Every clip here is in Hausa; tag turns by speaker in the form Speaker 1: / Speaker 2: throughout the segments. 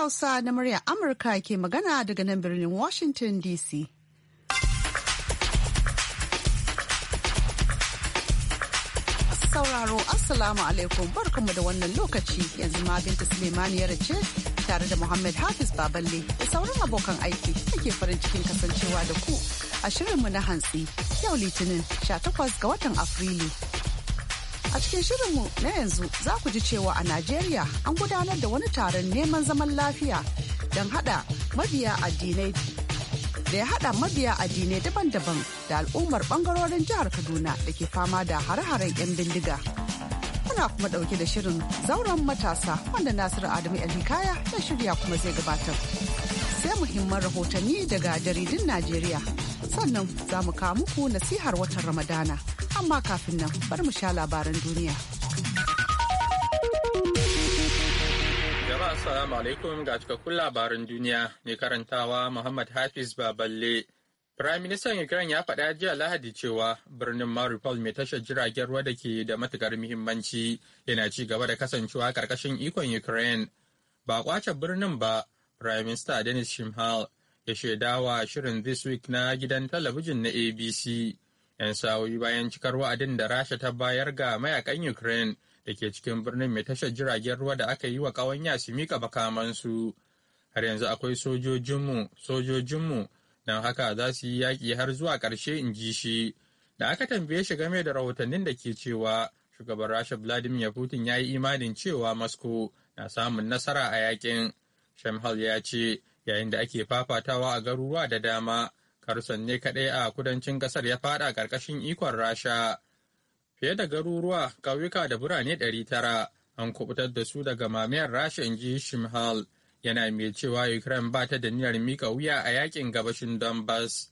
Speaker 1: Hausa na murya Amurka ke magana daga nan birnin Washington DC. Sauraro Assalamu alaikum barkanmu da wannan lokaci yanzu ma Binta Sulemaniyar ce tare da Muhammad Hafiz Baballe da sauran abokan aiki ake farin cikin kasancewa da ku a shirinmu na hantsi yau Litinin 18 ga watan Afrilu. A cikin shirinmu na yanzu za ku ji cewa a Najeriya an gudanar da wani taron neman zaman lafiya don hada mabiya addinai da ya haɗa mabiya addinai daban-daban da al'ummar ɓangarorin jihar Kaduna da ke fama da hare-haren 'yan bindiga. Muna kuma ɗauke da shirin zauren matasa wanda Nasiru Adamu Alhikaya ya shirya kuma zai gabatar. Sai muhimman rahotanni daga jaridun Najeriya. Sannan za mu kawo muku nasihar watan Ramadana. amma kafin nan bari mu sha labaran duniya.
Speaker 2: Jama'a assalamu alaikum ga cikakkun Labarin duniya mai karantawa Muhammad Hafiz Baballe. Prime Minister Ukraine ya faɗa jiya Lahadi cewa birnin Mariupol mai tashar jiragen ruwa da ke da matukar muhimmanci yana ci gaba da kasancewa karkashin ikon Ukraine. Ba kwace birnin ba, Prime Minister Denis Shimhal ya shaidawa shirin This Week na gidan talabijin na ABC. 'yan sa'o'i bayan cikar wa'adin da rasha ta bayar ga mayakan ukraine da ke cikin birnin mai tashar jiragen ruwa da aka yi wa ƙawanya su mika bakamansu har yanzu akwai sojojinmu sojojinmu don haka za su yi yaƙi har zuwa ƙarshe in ji shi da aka tambaye shi game da rahotannin da ke cewa shugaban rasha vladimir putin ya yi imanin cewa moscow na samun nasara a yakin shamhal ya ce yayin da ake fafatawa a garuruwa da dama Kherson ne kaɗai a kudancin ƙasar ya faɗa ƙarƙashin ikon Rasha. Fiye da garuruwa, ƙauyuka da birane ɗari tara an kubutar da su daga mamayar Rasha in ji Shimhal. Yana mai cewa Ukraine ba ta da niyyar miƙa wuya a yakin gabashin Donbass.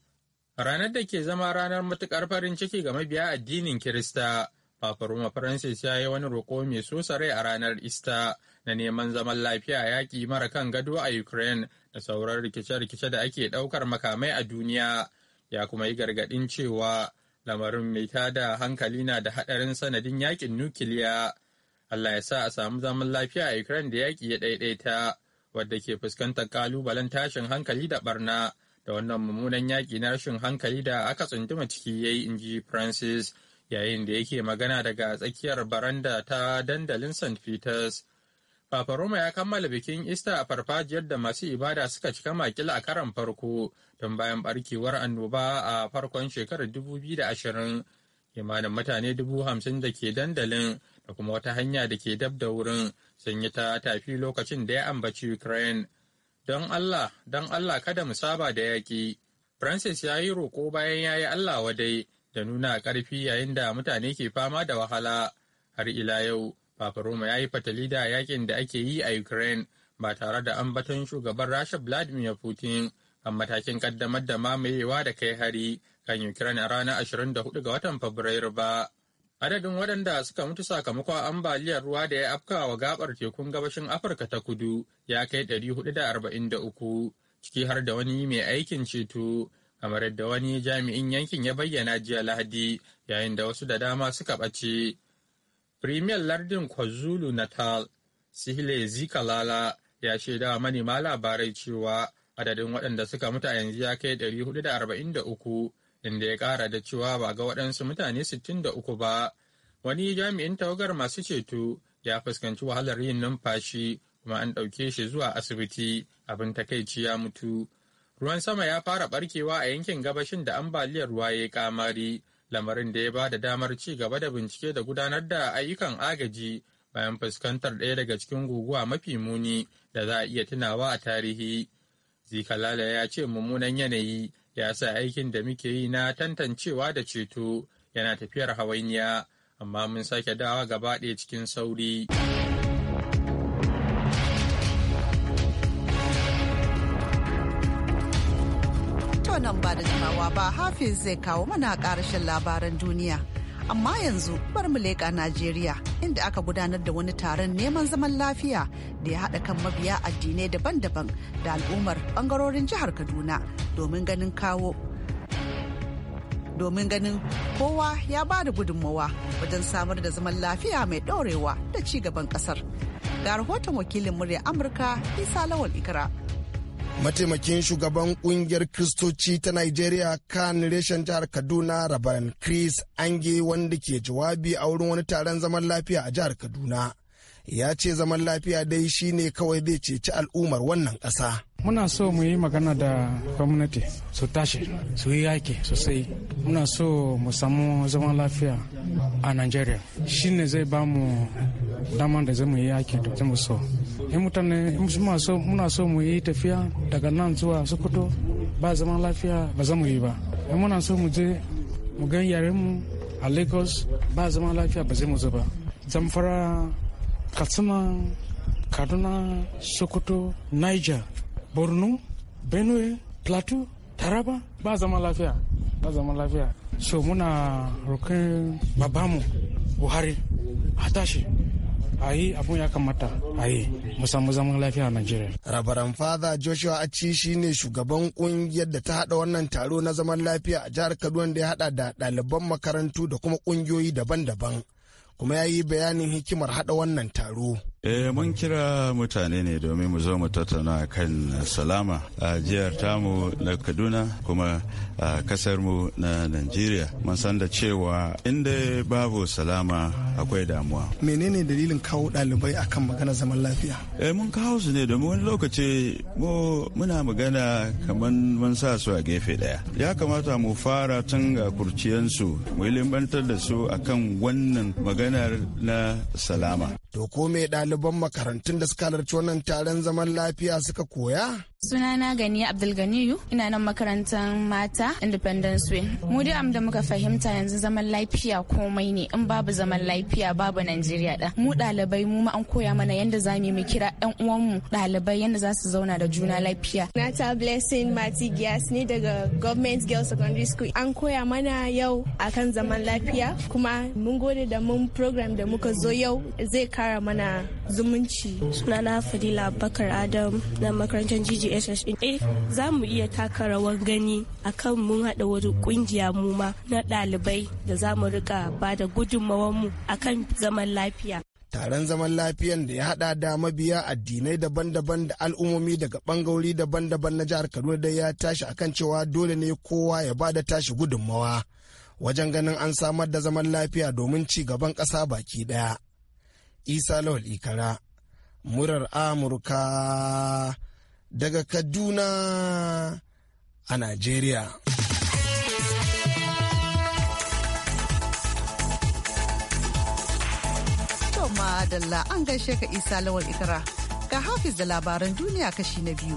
Speaker 2: Ranar da ke zama ranar matuƙar farin ciki ga mabiya addinin Kirista, Papa Roma Francis ya yi wani roƙo mai sosa rai a ranar Ista na neman zaman lafiya yaƙi mara kan gado a Ukraine da sauran rikice-rikice da ake ɗaukar makamai a duniya ya kuma yi gargaɗin cewa lamarin mai tada hankali na da haɗarin sanadin yakin nukiliya Allah ya sa a samu zaman lafiya a Ukraine da yaki ya ɗaiɗaita wadda ke fuskantar kalubalen tashin hankali da barna da wannan mummunan yaƙi na rashin hankali da aka tsunduma ciki ya yi inji Francis yayin da yake magana daga tsakiyar baranda ta dandalin St. Peters. Papa Roma ya kammala bikin Ista a farfajiyar da masu ibada suka cika makila a karan farko don bayan barkewar annoba a farkon shekarar 2020. Kimanin mutane dubu da ke dandalin da kuma wata hanya da ke dab da wurin sun yi ta tafi lokacin da ya ambaci Ukraine. Don Allah, don Allah kada mu saba da yaƙi. Francis ya yi roƙo bayan ya yi Allah wadai da nuna ƙarfi yayin da mutane ke fama da wahala har ila yau. roma ya yi fatali da yakin da ake yi a Ukraine ba tare da ambaton shugaban Rasha Vladimir Putin kan matakin kaddamar da mamayewa da kai hari kan Ukraine a ranar 24 ga watan Fabrairu ba. Adadin waɗanda suka mutu sakamakon ambaliyar ruwa da ya afka wa gabar tekun gabashin Afirka ta kudu ya kai 443 ciki har da wani mai aikin ceto kamar yadda wani jami'in yankin ya bayyana jiya Lahadi yayin da wasu da dama suka ɓace. Premier lardin KwaZulu Natal, Sihle Zikalala ya shaida manema labarai cewa adadin waɗanda suka mutu a yanzu ya kai 443 inda ya ƙara da cewa ba ga waɗansu mutane 63 ba. Wani jami'in tawagar masu ceto ya fuskanci wahalar yin numfashi kuma an ɗauke shi zuwa asibiti abin takaici ya mutu. Ruwan sama ya fara barkewa a yankin gabashin da ambaliyar ruwa ya kamari lamarin da ya ba da damar ci gaba da bincike da gudanar da ayyukan agaji bayan fuskantar ɗaya daga cikin guguwa mafi muni da za a iya tunawa a tarihi. Zikalala ya ce mummunan yanayi ya sa aikin da muke yi na tantancewa da ceto yana tafiyar hawainiya, amma mun sake dawa gaba ɗaya cikin sauri.
Speaker 1: nan ba da jimawa ba hafiz zai kawo mana karashin labaran duniya amma yanzu bar mu leƙa najeriya inda aka gudanar da wani taron neman zaman lafiya da ya haɗa kan mabiya addinai daban-daban da al'ummar bangarorin jihar kaduna domin ganin kawo domin ganin kowa ya ba da gudunmawa wajen samar da zaman lafiya mai ɗorewa da ci gaban ƙasar. Ga rahoton wakilin murya Amurka Isa Lawal Ikra.
Speaker 3: mataimakin shugaban kungiyar kristoci ta nigeria kan reshen jihar kaduna rabaran chris ange wanda ke jawabi a wurin wani taron zaman lafiya a jihar kaduna ya ce zaman lafiya dai shine kawai zai ceci al'ummar wannan ƙasa.
Speaker 4: muna so mu yi magana da gwamnati su tashi su yi yaki sosai muna so mu samu zaman lafiya a nigeria shine zai ba mu dama da mu yi yaki da zamu so in mutane muna so mu yi tafiya daga nan zuwa sokoto ba zaman lafiya ba mu yi ba in muna so mu je mu gan yare mu a lagos ba zaman lafiya ba zai mu zo ba zamfara katsina kaduna sokoto niger borno benue plateau taraba ba zaman lafiya ba zaman lafiya so muna roƙin babamu buhari a tashi Ayi abun ya kamata a yi zaman lafiya a Najeriya.
Speaker 3: Rabaran Father Joshua Aci shi ne shugaban kungiyar da ta haɗa wannan taro na zaman lafiya a jihar Kaduna da ya haɗa da ɗaliban makarantu da kuma ƙungiyoyi daban-daban. Kuma ya yi bayanin hikimar haɗa wannan taro.
Speaker 5: Eh mun kira mutane ne domin mu zo mu tattauna kan salama a jihar tamu na Kaduna kuma a kasar mu na Najeriya. Mun san da cewa inda babu salama akwai damuwa.
Speaker 3: Menene dalilin kawo ɗalibai akan magana zaman
Speaker 6: lafiya?
Speaker 5: Eh mun kawo su ne domin wani lokaci mu muna magana kamar mun sa su a gefe ɗaya. Ya kamata mu fara tun ga kurciyansu mu ilimantar da su akan wannan maganar na salama.
Speaker 3: To ko me ɗalibai ɗaliban makarantun da suka halarci wannan taron zaman lafiya suka koya
Speaker 1: Sunana Gani Abdulganiyu ina nan makarantar mata Independence Way. Mu dai da muka fahimta yanzu zaman lafiya komai ne in babu zaman lafiya babu Najeriya da. Mu ɗalibai mu ma an koya mana yanda za mu kira ɗan uwanmu ɗalibai yanda za su zauna da juna lafiya. Nata Blessing Mati Gias ne daga Government Girls Secondary School. An koya mana yau akan zaman lafiya kuma mun gode da mun program da muka zo yau zai kara mana zumunci.
Speaker 3: Sunana Fadila Bakar Adam na makarantar jiji gss din eh za mu iya taka rawar gani kan mun haɗa wani ƙungiya mu ma na ɗalibai da za mu riƙa ba da gudunmawarmu akan zaman lafiya taron zaman lafiyan da ya haɗa da mabiya addinai daban-daban da al'ummomi daga bangarori daban-daban na jihar kaduna da ya tashi akan cewa dole ne kowa ya ba da tashi gudunmawa wajen ganin an samar da zaman lafiya domin ci gaban ƙasa baki ɗaya. isa lawal ikara murar amurka daga Kaduna a Najeriya.
Speaker 1: Madalla an gaishe ka Isa Lawal Ikra ga Hafiz da labaran duniya kashi na biyu.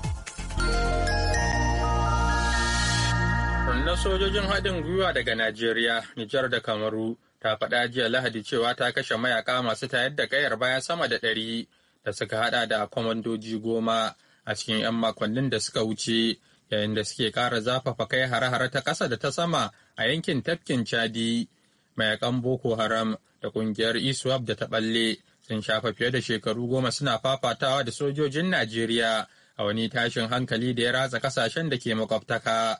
Speaker 2: na sojojin haɗin gwiwa daga Najeriya, Nijar da Kamaru ta faɗa jiya Lahadi cewa ta kashe mayaka masu tayar da kayar baya sama da ɗari da suka haɗa da kwamandoji goma a cikin 'yan makonnin da suka wuce yayin da suke kara zafafa kai hare-hare ta ƙasa da ta sama a yankin tafkin chadi mayakan boko haram da ƙungiyar iswap e da ta ɓalle sun shafa fiye da shekaru goma suna fafatawa da sojojin najeriya a wani tashin hankali da ya ratsa ƙasashen da ke makwabtaka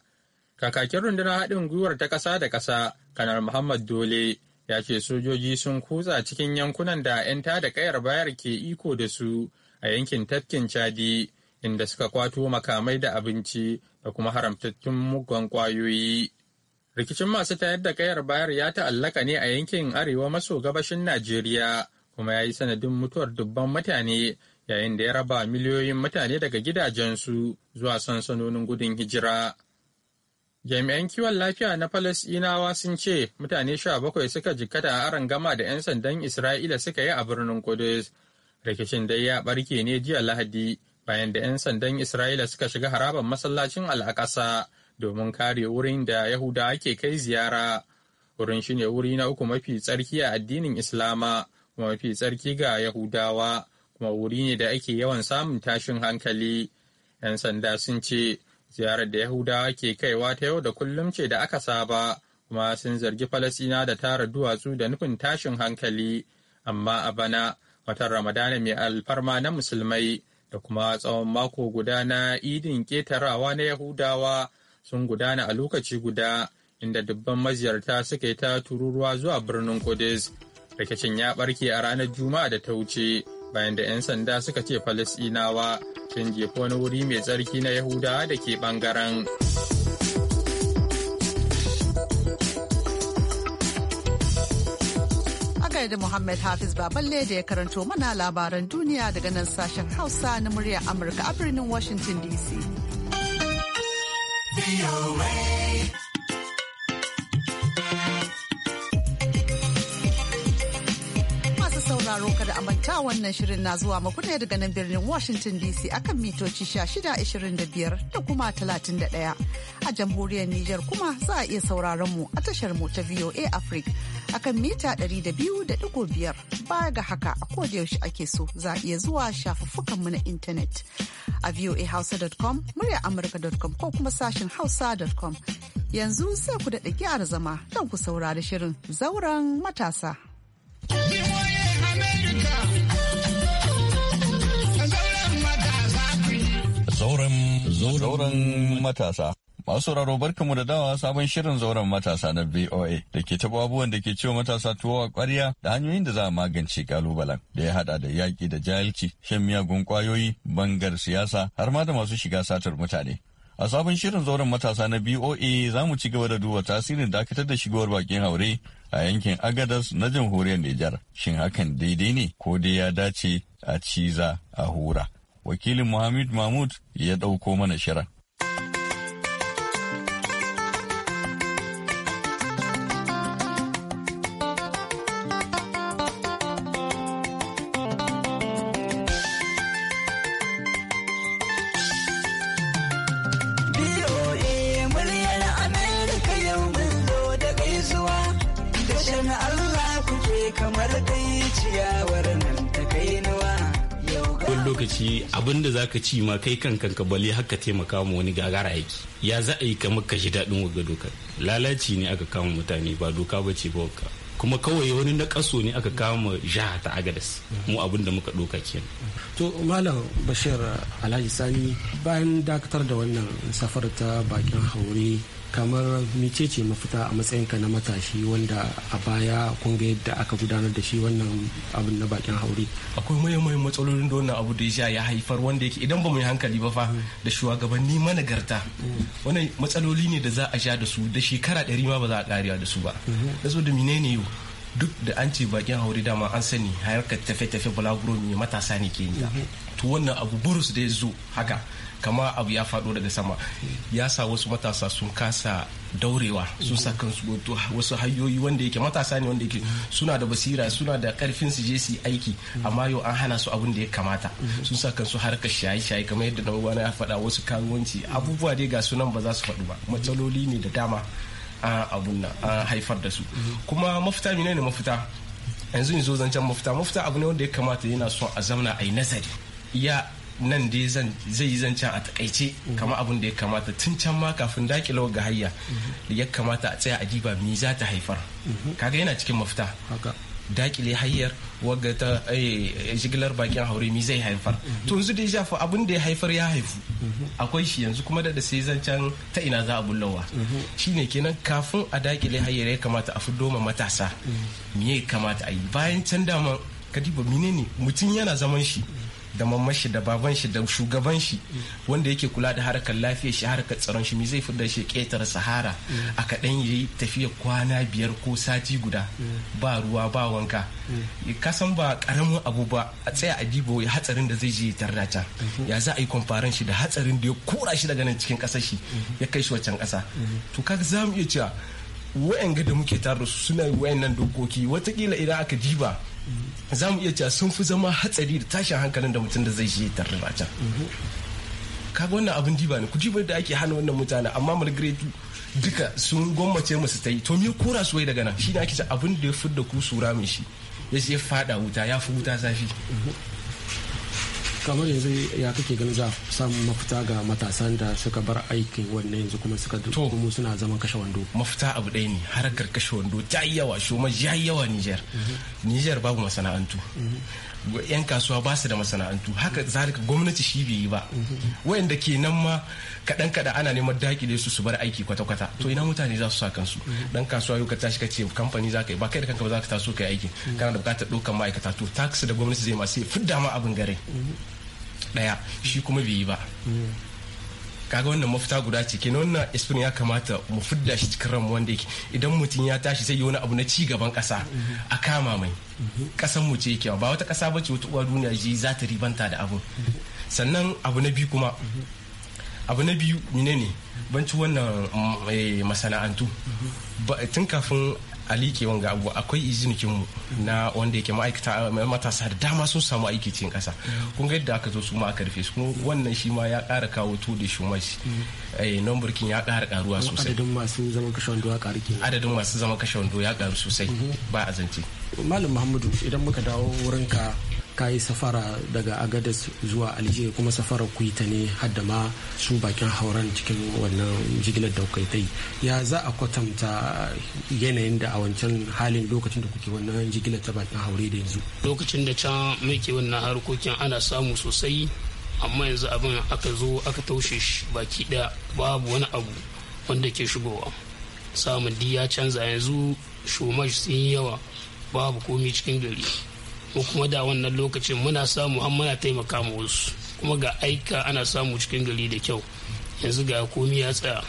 Speaker 2: kakakin rundunar haɗin gwiwar ta ƙasa da ƙasa kanar muhammad dole ya ce sojoji sun kutsa cikin yankunan da 'yan da kayar bayar ke iko da su a yankin tafkin chadi inda suka kwato makamai da abinci da kuma haramtattun mugun kwayoyi. Rikicin masu tayar da kayar bayar ya ta'allaka ne a yankin arewa maso gabashin Najeriya kuma ya yi sanadin mutuwar dubban mutane yayin da ya raba miliyoyin mutane daga gidajensu zuwa sansanonin gudun hijira. Jami'an kiwon lafiya na Falasɗinawa sun ce mutane sha bakwai suka jikkata a gama da 'yan sandan Isra'ila suka yi a birnin Kudus. Rikicin dai ya ɓarke ne jiya Lahadi bayan da 'yan sandan Isra'ila suka shiga harabar masallacin al'aƙasa domin kare wurin da Yahuda ake kai ziyara. Wurin shi ne wuri na uku mafi tsarki a addinin Islama kuma mafi tsarki ga Yahudawa kuma wuri ne da ake yawan samun tashin hankali. 'Yan sanda sun ce ziyarar da Yahudawa ke kaiwa ta yau da kullum ce da aka saba kuma sun zargi Falasina da tara duwatsu da nufin tashin hankali. Amma a bana watan Ramadana mai alfarma na musulmai da kuma tsawon mako guda na idin ƙetarawa na yahudawa sun gudana a lokaci guda inda dubban maziyarta suka yi ta tururuwa zuwa birnin Kudus. Rikicin ya barke a ranar Juma'a da ta wuce bayan da 'yan sanda suka ce Falasɗinawa sun jefa wani wuri mai tsarki na Yahudawa da ke ɓangaren.
Speaker 1: gaida da Muhammad Hafiz Baballe da ya karanto mana labaran duniya daga nan sashen Hausa na murya Amurka a birnin Washington DC. Masu sauraro kada a manta wannan shirin na zuwa maku ne daga nan birnin Washington DC akan mitoci 1625 da kuma talatin 31. A jamhuriyar Nijar kuma za a iya sauraron mu a tashar mu ta VOA Africa. akan mita 200.5 baya ga haka a yaushe ake so za a iya zuwa shafuffukanmu na intanet a voahausa.com murya amurka.com ko kuma sashen hausa.com yanzu sai ku daɗa gyara zama don ku saurari shirin zauren matasa.
Speaker 5: Zauren matasa. Masu sauraro mu da dawa sabon shirin zauren matasa na VOA da ke taɓa abubuwan da ke cewa matasa tuwo a ƙwarya da hanyoyin da za a magance kalubalen da ya haɗa da yaƙi da jahilci, shan miyagun ƙwayoyi, bangar siyasa har ma da masu shiga satar mutane. A sabon shirin zauren matasa na BOA za mu ci gaba da duba tasirin dakatar da shigowar baƙin haure a yankin Agadas na jamhuriyar Nijar. Shin hakan daidai ne ko dai ya dace a ciza a hura? Wakilin Muhammad Mahmud ya ɗauko mana shirin.
Speaker 4: abin da zaka ci ma kai kan kanka bale haka taimaka ma wani gagara aiki ya za a yi kamar ka shi daɗin wagga doka lalaci ne aka kama mutane ba doka ba ce ba kuma kawai wani na kaso ne aka kama jiha ta agadas mu abin da muka doka ke to
Speaker 7: malam bashir alhaji sani bayan dakatar da wannan safar ta bakin haure kamar ce mafita a matsayinka na matashi wanda a baya
Speaker 4: kun ga yadda aka gudanar da shi wannan abin na bakin haure akwai mayamai matsalolin da wannan abu da ya ya haifar wanda yake idan ba mu yi hankali ba fa da shugabanni managarta wannan matsaloli ne da za a sha da su da shekara ɗari ma ba za a ƙariya da su ba da so da menene yau duk da an ce bakin haure dama an sani harkar tafe-tafe bulaguro ne matasa ne ke yi mhm. to wannan abu burus da ya zo haka kama abu ya faɗo daga sama ya sa wasu matasa sun kasa daurewa sun sa kansu wasu hanyoyi wanda yake matasa ne wanda yake suna da basira suna da karfin su je su aiki amma yau an hana su abin da ya kamata sun sa kansu harka shaye-shaye kamar yadda na wani ya faɗa wasu karuwanci abubuwa dai ga sunan ba za su faɗu ba matsaloli ne da dama a abun nan an haifar da su kuma mafita mine ne mafita yanzu in zo zancen mafita mafita abu ne wanda ya kamata yana son a zamna a yi nazari iya nan dai zai yi zancen a takaice kama abin da ya kamata tun can ma kafin dakila ga hayya ya kamata a tsaya a diba mi za ta haifar mhm. kaga yana cikin mafita dakile hayyar wagga ta eh, jigilar bakin haure mi zai haifar mhm. to yanzu da ya abin da ya haifar ya haifu mhm. akwai shi yanzu kuma da sai zancen ta ina za a bullawa shine kenan kafin a dakile hayyar ya kamata a fiddo ma matasa me ya kamata a yi bayan can dama kadiba menene mutum yana zaman shi da mamman shi da baban shi da shugaban shi wanda yake kula da harkar lafiyar shi harkar tsaron shi me zai fi da shi ƙetare sahara a kaɗan ya yi tafiya kwana biyar ko sati guda ba ruwa ba wanka kasan ba ƙaramin abu ba a tsaya a dibo ya hatsarin da zai je ya tarda can ya za a yi kwamfaran shi da hatsarin da ya kura shi daga nan cikin ƙasar shi ya kai shi waccan ƙasa to kaga za mu iya cewa wayanga da muke tare su suna wayannan dokoki watakila idan aka diba za mu iya cewa sun fi zama hatsari da tashin hankalin da mutum da zai shi tarri a can kaga wannan abin diba ne ku da ake hana wannan mutane amma malgretu duka sun gwammace musu ta yi to me kora su wai daga nan shi ne ake abin da ya da ku sura mai shi ya ce fada wuta ya fi wuta zafi
Speaker 7: kamar yanzu ya kake ganin za samu mafita ga matasan da suka bar aikin wannan yanzu kuma
Speaker 4: suka kuma suna zaman kashe wando mafita abu ɗaya ne harakar kashe wando ta yi yawa shoma ya yi yawa Nijar mhm. Nijar babu masana'antu mhm. yan kasuwa ba su da masana'antu haka zalika gwamnati shi bai yi ba mhm. wayanda ke nan ma kaɗan kaɗan ana neman daƙile su su bar aiki kwata-kwata to ina mutane za su sa kansu dan kasuwa yau ka tashi ka ce kamfani za ka yi ba kai da kanka ba za ka taso ka yi aiki kana da bukatar ɗaukar ma'aikata to tax da gwamnati zai masu sai fidda ma abin gare ɗaya shi kuma bai yi ba kaga wannan mafita guda ce kenan wannan espin ya kamata mu fidda shi cikin ran wanda yake idan mutum ya tashi sai yi wani abu na ci gaban kasa a kama mai kasan mu ce yake ba wata kasa ba ce wata uwa duniya ji za ta ribanta da abu sannan abu na biyu kuma abu na biyu ne ne banci wannan eh, masana'antu tun kafin aliki wanga abu akwai izinikin mu na wanda yake ma'aikata matasa da dama sun samu aiki cikin ƙasa kun ga yadda aka zo su ma aka rufe su kuma wannan shi ma ya ƙara kawo to da shi mashi burkin ya ƙara ƙaruwa sosai adadin masu zaman kashe wando ya ƙaru kenan adadin masu zaman kashe wando ya ƙaru sosai mhm. ba a
Speaker 7: malam muhammadu idan muka dawo wurinka ka yi safara daga agadas zuwa alje kuma safarar ta ne hadda ma su bakin hauren cikin wannan jigilar da kai tai ya za a kwatanta yanayin da a wancan halin lokacin da kuke wannan jigilar ta bakin haure da yanzu
Speaker 3: lokacin da can muke wannan harkokin ana samu sosai amma yanzu abin aka zo aka taushe shi baki ɗaya babu wani abu wanda ke shigowa samun diya canza yanzu shomaj sun yi yawa babu komai cikin gari ko kuma da wannan lokacin muna samu an muna taimaka ma wasu kuma ga aika ana samu cikin gari da kyau yanzu ga komi ya tsaya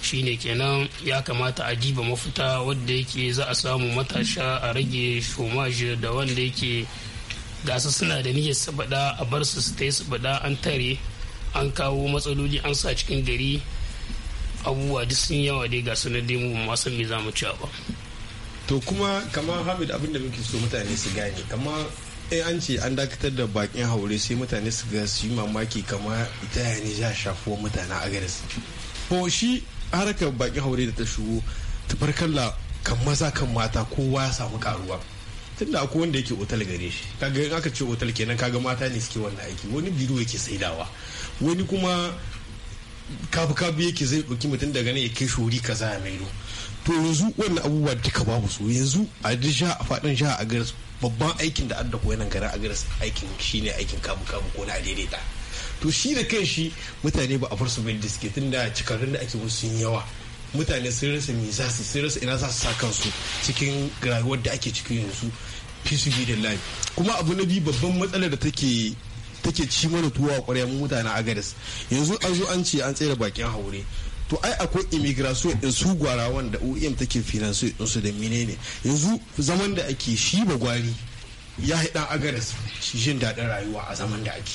Speaker 3: shine kenan ya kamata a jiba mafita wadda yake za a samu matasha a rage shomaji da wanda yake gasa suna da niyyar su a bar su su ta yi su an tare an kawo matsaloli an sa cikin gari abubuwa duk sun yawa dai ga sanar dai mu ba san me mu ci ba
Speaker 6: to kuma kamar hamid abinda muke so mutane su gane kamar in an ce an dakatar da bakin haure sai mutane su ga su yi mamaki kamar ita ya ne shafuwar mutane a garis ko shi harkar bakin haure da ta shigo tabarkalla kan maza kan mata kowa ya samu karuwa tunda akwai wanda yake otal gare shi kaga in aka ce otal kenan kaga mata ne suke wannan aiki wani biro yake saidawa wani kuma kabu kabu yake zai ɗauki mutum daga nan ya kai shori kaza ya maido to yanzu wannan abubuwa duka babu su yanzu a jiha a faɗin jiha a garis babban aikin da adda koyanan garin a garis aikin shine aikin kamu kamu ko na adaidaita to shi da kan shi mutane ba a farsu bin diske tun da cikarrun da ake musu sun yawa mutane sun rasa me za su sun rasa ina za su sa kansu cikin rayuwar da ake cikin yanzu fi da lafi kuma abu na biyu babban matsalar da take take ci mana tuwa kwarya mu mutane a garis yanzu an zo an ce an tsere bakin haure to ai akwai immigration in su gwara wanda OEM take finance din su da menene yanzu zaman da ake shi ba gwari ya haɗa agares shi jin daɗin rayuwa a zaman da ake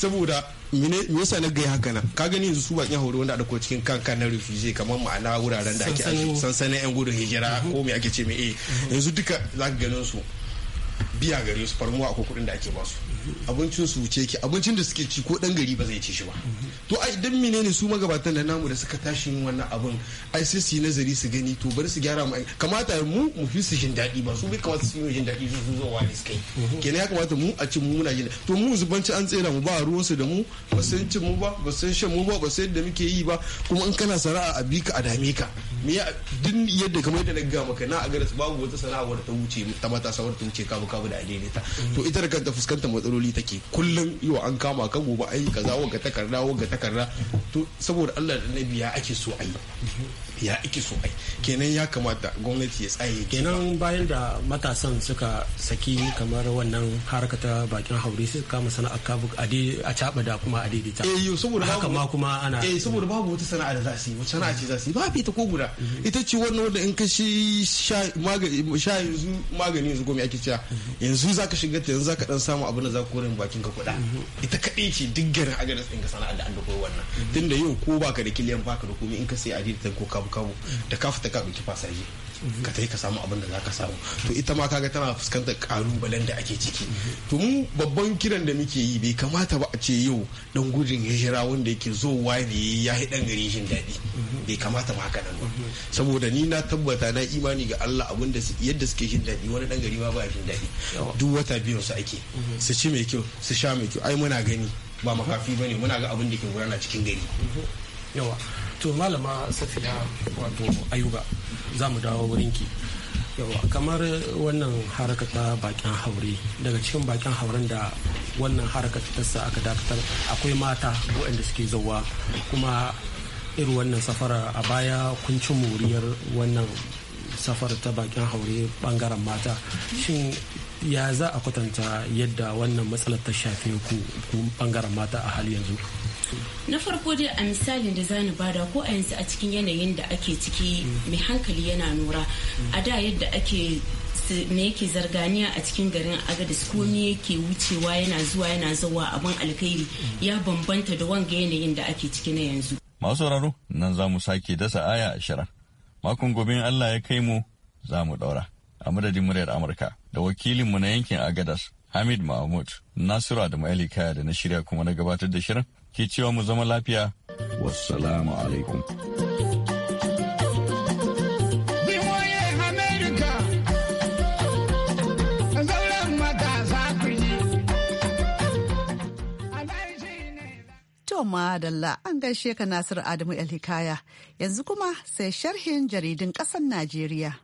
Speaker 6: saboda me yasa na gaya haka nan ka gani yanzu su ba bakin horo wanda da ko cikin kanka na refugee kamar ma'ana wuraren da ake sansanin yan gudun hijira mhm. ko me ake ce me eh mhm. yanzu duka za ka ganin su biya gare su farmuwa akwai kuɗin da ake basu abincin su wuce ki abincin da suke ci ko dan gari ba zai ci shi ba to ai dan menene su magabatan da namu da suka tashi yin wannan abin ai sai su yi nazari su gani to bari su gyara mu kamata mu mu fi su jin daɗi ba su bai kamata su yi jin daɗi su zo wa ne suke yi kenan ya kamata mu a ci mu muna jin to mu zubanci an tsera mu ba ruwan su da mu ba san cin mu ba ba san shan mu ba ba san yadda muke yi ba kuma in kana sana'a a bi ka a dame ka me ya. Din yadda kamar yadda na ga maka na a garas babu wata sana'a wadda ta wuce ta mata sawar ta wuce kabu kabu da adaidaita to ita da kanta fuskantar matsaloli matsaloli take kullum yau an kama ka gobe ai kaza wanga takarda wanga takarda to saboda Allah da nabi ya ake so ayi ya ake so ayi kenan ya kamata gwamnati ya tsaye kenan bayan da
Speaker 7: matasan suka saki kamar wannan harka ta bakin haure sai kama sana'ar kabu a caba da kuma a daidaita
Speaker 6: eh yo saboda haka ma kuma ana eh saboda babu wata sana'a da za su yi wata sana'a ce za su yi babu ita ko guda mhm. ita ce wannan wanda in ka shi sha yanzu magani yanzu gomi ake cewa mhm. yanzu zaka shiga ta yanzu zaka dan samu abin da za koren bakin ka kuɗa ita kaɗai ce duk garin ajiyar ɗin ka sana'ar da an da koyi wannan tunda yau ko baka da kiliyan baka da komai in ka sai a ta ko kabu kabu da ka ta ka ɗauki fasaje ka tai ka samu abin da za ka samu to ita ma kaga tana fuskantar kalubalen da ake ciki to mu babban kiran da muke yi bai kamata ba a ce yau dan gudun hijira wanda yake zowa ne ya yi dan gari shin daɗi bai kamata ba haka nan ba saboda ni na tabbata na imani ga Allah abin da yadda suke shin daɗi wani dan gari ma ba shin daɗi duk wata biyu su ake su ci mai kyau su sha mai kyau ai muna gani ba makafi bane muna ga abin da ke gudana cikin gari yawa to malama
Speaker 7: safiya wato ayuba za mu dawo wurinki yawa kamar wannan haraka bakin haure daga cikin bakin hauren da wannan haraka ta sa aka dakatar akwai mata waɗanda suke zauwa kuma irin wannan safara a baya kun ci moriyar wannan safar ta bakin haure bangaren mata shin ya za a kwatanta yadda wannan matsalar ta shafe ku bangaren mata a hali yanzu
Speaker 3: na farko dai a misalin da zani bada ko a yanzu a cikin yanayin da ake ciki mm. mai hankali yana nura mm. a da yadda ake me yake zarganiya a cikin garin agadis ko me mm. yake wucewa yana zuwa yana zawa abin alkhairi ya bambanta da wanga yanayin da ake ciki na yanzu
Speaker 5: masu sauraro nan za mu sake dasa aya ashirin makon gobe allah ya kai mu za mu daura a madadin muryar amurka da wakilinmu na yankin agadas Hamid Mahmud, Nasiru Adamu Ali Kaya da na shirya kuma na gabatar da shirin, ke cewa mu zama lafiya. Wassalamu alaikum.
Speaker 1: Toma Dalla an gaishe ka Nasiru Adamu alhikaya yanzu kuma sai sharhin jaridun ƙasan Najeriya.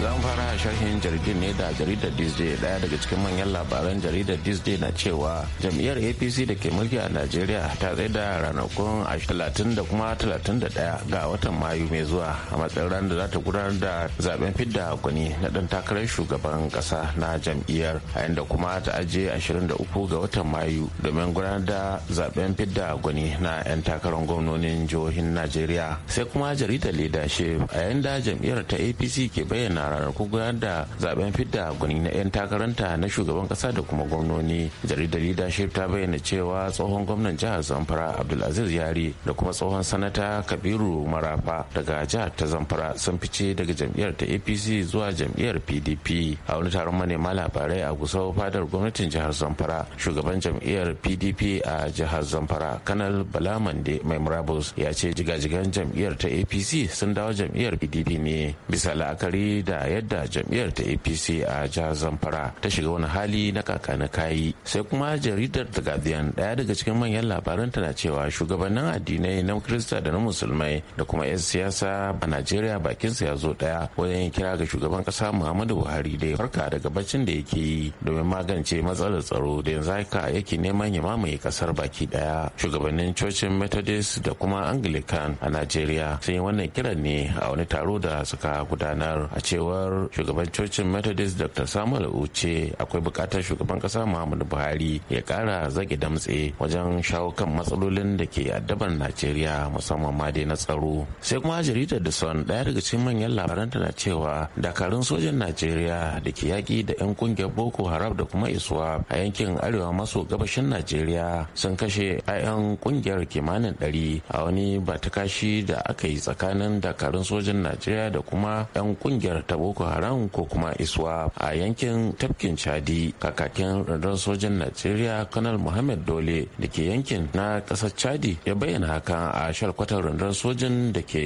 Speaker 8: zan fara sharhin jaridar ne da jaridar disney daya daga cikin manyan labaran jaridar disney na cewa jam'iyyar apc da ke mulki a najeriya ta tsaye da ranakun 30 da kuma 31 ga watan mayu mai zuwa a matsayin ran da za ta gudanar da zaben fidda gwani na dan takarar shugaban kasa na jam'iyyar a yanda kuma ta ajiye 23 ga watan mayu domin gudanar da zaben fidda gwani na 'yan takarar gwamnonin jihohin najeriya sai kuma jaridar leadership a yanda jam'iyyar ta apc ke bayyana ranakun gudanar da zaben fidda gwani na 'yan takaranta na shugaban kasa da kuma gwamnoni jaridar leadership ta bayyana cewa tsohon gwamnan jihar zamfara abdulaziz yari da kuma tsohon sanata kabiru marafa daga jihar ta zamfara sun fice daga jam'iyyar ta apc zuwa jam'iyyar pdp a wani taron manema labarai a gusau fadar gwamnatin jihar zamfara shugaban jam'iyyar pdp a jihar zamfara kanal balamande mai murabus ya ce jigajigan jam'iyyar ta apc sun dawo jam'iyyar pdp ne bisa la'akari da a yadda jam'iyyar ta apc a jihar zamfara ta shiga wani hali na kaka na kayi sai kuma jaridar the guardian daya daga cikin manyan labaran tana cewa shugabannin addinai na kirista da na musulmai da kuma 'yan siyasa a najeriya bakinsa ya zo daya wajen kira ga shugaban kasa muhammadu buhari da ya farka daga baccin da yake yi domin magance matsalar tsaro da yanzu haka yake neman ya mamaye kasar baki daya shugabannin cocin methodist da kuma anglican a najeriya sun yi wannan kiran ne a wani taro da suka gudanar a cewa. cewar shugaban cocin methodist dr samuel uche akwai bukatar shugaban kasa muhammadu buhari ya kara zage damtse wajen shawo kan matsalolin da ke addabar najeriya musamman ma dai na tsaro sai kuma jaridar da son daya daga cikin manyan labaranta na cewa dakarun sojan najeriya da ke yaki da 'yan kungiyar boko haram da kuma isuwa a yankin arewa maso gabashin najeriya sun kashe 'ya'yan kungiyar kimanin ɗari, a wani batakashi da aka yi tsakanin dakarun sojan najeriya da kuma 'yan kungiyar ta boko haram ko kuma iswa a yankin tafkin chadi kakakin rundunar sojan najeriya kanal muhammad dole da ke yankin na kasar chadi ya bayyana haka a shalkwatar rundunar sojan da ke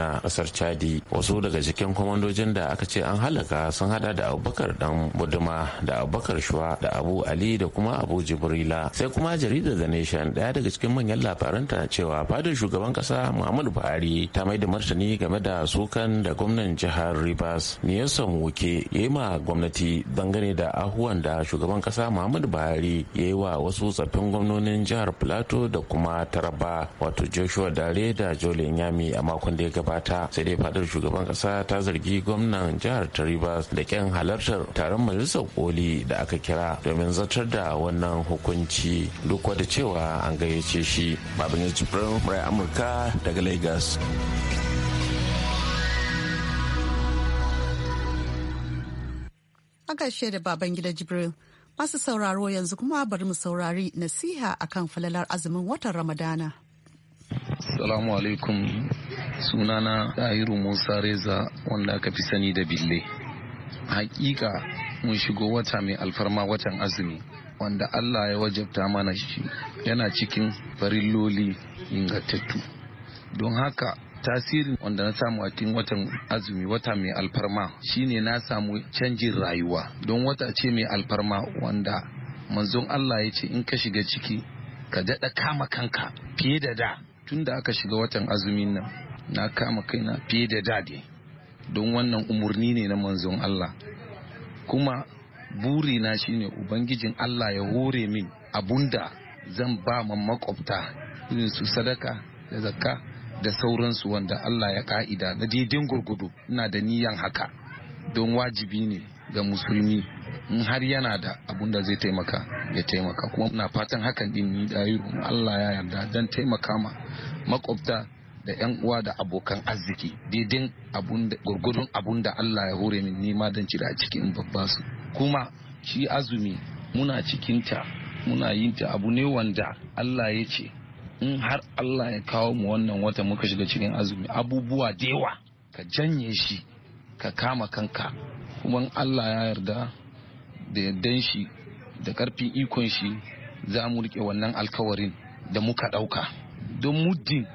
Speaker 8: na kasar chadi wasu daga cikin kwamandojin da aka ce an halaka sun hada da abubakar dan buduma da abubakar shuwa da abu ali da kuma abu jibrila sai kuma jaridar the nation daya daga cikin manyan labaranta cewa fadar shugaban kasa muhammadu buhari ta mai da martani game da sukan da gwamnan jihar rivers ya samu Wuke ya yi ma gwamnati dangane da ahuwan da shugaban kasa Muhammadu Buhari ya yi wa wasu tsaffin gwamnonin jihar Plateau da kuma Taraba wato Joshua Dare da jole Yami a makon da ya gabata sai dai fadar shugaban kasa ta zargi gwamnan jihar Taribas da kyan halartar taron majalisar koli da aka kira domin zartar da wannan hukunci duk da cewa an gayyace shi babin jibrin amurka daga lagos
Speaker 1: a da baban gida Jibril. Masu sauraro yanzu kuma bari mu saurari nasiha akan falalar azumin watan Ramadana.
Speaker 9: Salamu alaikum sunana Ɗahiru Musa Reza wanda aka fi sani da Bille. Hakika mun shigo wata mai alfarma watan azumi wanda Allah ya wajabta mana shi yana cikin farilloli ingantattu. Don haka Tasirin wanda na samu a cikin watan azumi wata mai alfarma shine na samu canjin rayuwa don wata ce mai alfarma wanda manzon Allah ya ce in ka shiga ciki ka daɗa kama kanka fiye da da tun da aka shiga watan azumin nan na kama kaina fiye da da dai don wannan umarni ne na manzon Allah kuma burina shine ubangijin Allah ya hore min abunda zan ba ma makwabta irin su sadaka da zakka da sauransu wanda Allah ya ka'ida na daidin gurgudu na da niyan haka don wajibi ne ga musulmi in har yana da abun da zai taimaka ya taimaka kuma na fatan hakan din ni dayiru Allah ya yarda don taimaka ma makwabta da yan uwa da abokan arziki daidin gurgudun abun da Allah ya hore min nima don cira a cikin babbasu. kuma shi azumi muna cikinta muna yinta abu ne wanda Allah ya ce in har Allah ya kawo mu wannan wata muka shiga cikin azumi abubuwa da yawa ka janye shi ka kama kanka kuma Allah ya yarda da yardan shi da karfin ikon shi za mu rike wannan alkawarin da muka ɗauka don muddin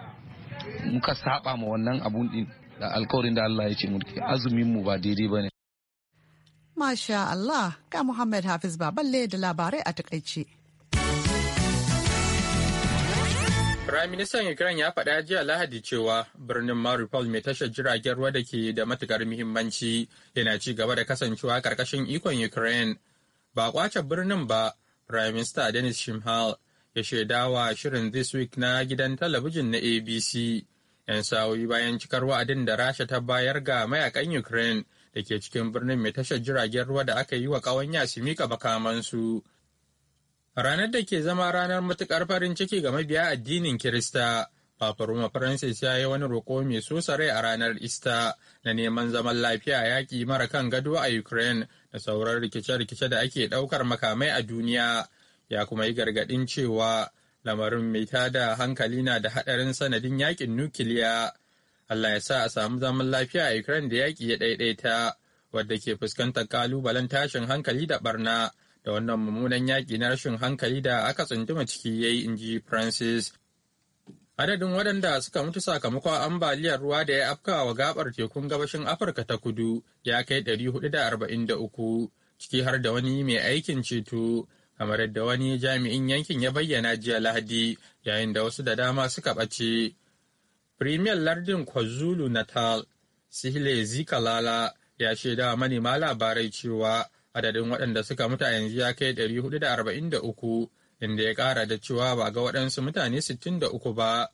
Speaker 9: muka saba ma wannan abun din da alkawarin da Allah ya ce mu azumin mu ba daidai bane
Speaker 1: Masha Allah ga Muhammad Hafiz Baballe da labarai a takaice.
Speaker 2: Ministan Ukraine ya faɗa jiya Lahadi cewa birnin Mariupol mai tashar jiragen ruwa da ke da matukar muhimmanci yana ci gaba da kasancewa karkashin ikon Ukraine. Ba kwace birnin ba, Firaminista Denis Shimhal ya shaidawa shirin This Week na gidan talabijin na ABC. 'Yan sa'o'i bayan cikar wa'adin da Rasha ta bayar ga mayakan Ukraine da ke cikin birnin mai tashar jiragen ruwa da aka yi wa ƙawanya su mika makamansu. Ranar da ke zama ranar matuƙar farin ciki ga mabiya addinin Kirista, Papa Roma Francis ya yi wani roƙo mai sosa rai a ranar Ista na neman zaman lafiya yaƙi mara kan gado a Ukraine da sauran rikice-rikice da ake ɗaukar makamai a duniya. Ya kuma yi gargaɗin cewa lamarin mai tada hankali na da haɗarin sanadin yaƙin nukiliya. Allah ya sa a samu zaman lafiya a Ukraine da yaƙi ya ɗaiɗaita, wadda ke fuskantar ƙalubalen tashin hankali da ɓarna. da wannan mummunan yaƙi na rashin hankali da aka tsunduma ciki ya yi inji francis adadin waɗanda suka mutu sakamakon ambaliyar ruwa da ya afka wa gabar tekun gabashin afirka ta kudu ya kai ɗari hudu da da arba'in uku. ciki har da wani mai aikin ceto kamar yadda wani jami'in yankin ya bayyana jiya lahadi yayin da wasu da dama suka ɓace premier lardin kwazulu natal sihle zikalala ya shaida manema labarai cewa adadin waɗanda suka mutu a yanzu ya kai ɗari hudu da uku inda ya ƙara da cewa ba ga waɗansu mutane sittin da uku ba.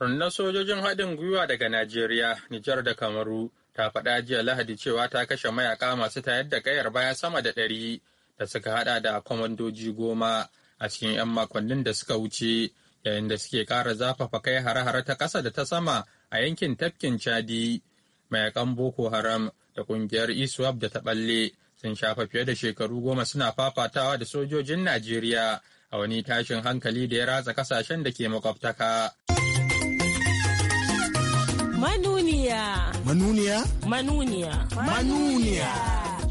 Speaker 2: Rundunar sojojin haɗin gwiwa daga Najeriya, Nijar da Kamaru ta faɗa jiya Lahadi cewa ta kashe mayaka masu tayar da kayar baya sama da ɗari da suka haɗa da kwamandoji goma a cikin 'yan makonnin da suka wuce yayin da suke kara zafafa kai hare-hare ta ƙasa da ta sama a yankin tafkin Chadi. Mayakan Boko Haram da ƙungiyar ISWAP da ta ɓalle sun shafa fiye da shekaru goma suna fafatawa da sojojin Najeriya a wani tashin hankali da ya ratsa kasashen da ke makwabtaka.
Speaker 3: Manuniya. Manuniya? Manuniya. Manuniya.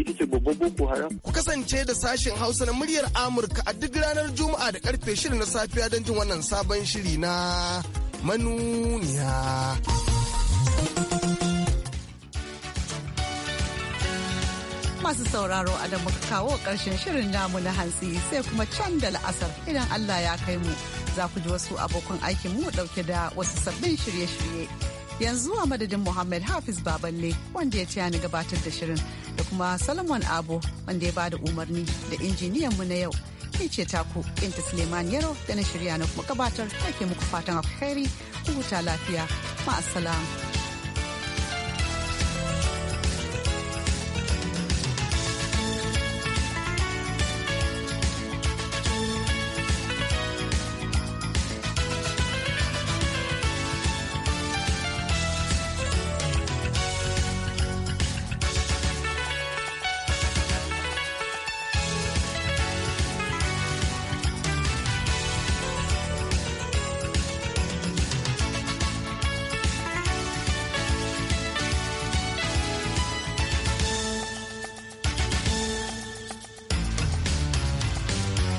Speaker 7: ita ce babban boko haram.
Speaker 3: Ku kasance da sashen Hausa na muryar Amurka a duk ranar Juma'a da karfe shirin na safiya don jin wannan sabon shiri na
Speaker 1: manuniya. Masu sauraro a da muka kawo ƙarshen shirin namu na hantsi sai kuma can da la'asar idan Allah ya kai mu za ku ji wasu abokan aikin mu ɗauke da wasu sabbin shirye-shirye. Yanzu a madadin Muhammad Hafiz Baballe wanda ya ni gabatar da shirin. da kuma Solomon Abo wanda ya bada umarni da injiniyan mu na yau. Ni ce taku Binta Suleiman Yaro da na shirya na kuma gabatar take muku fatan alkhairi, huta lafiya, ma'assalam.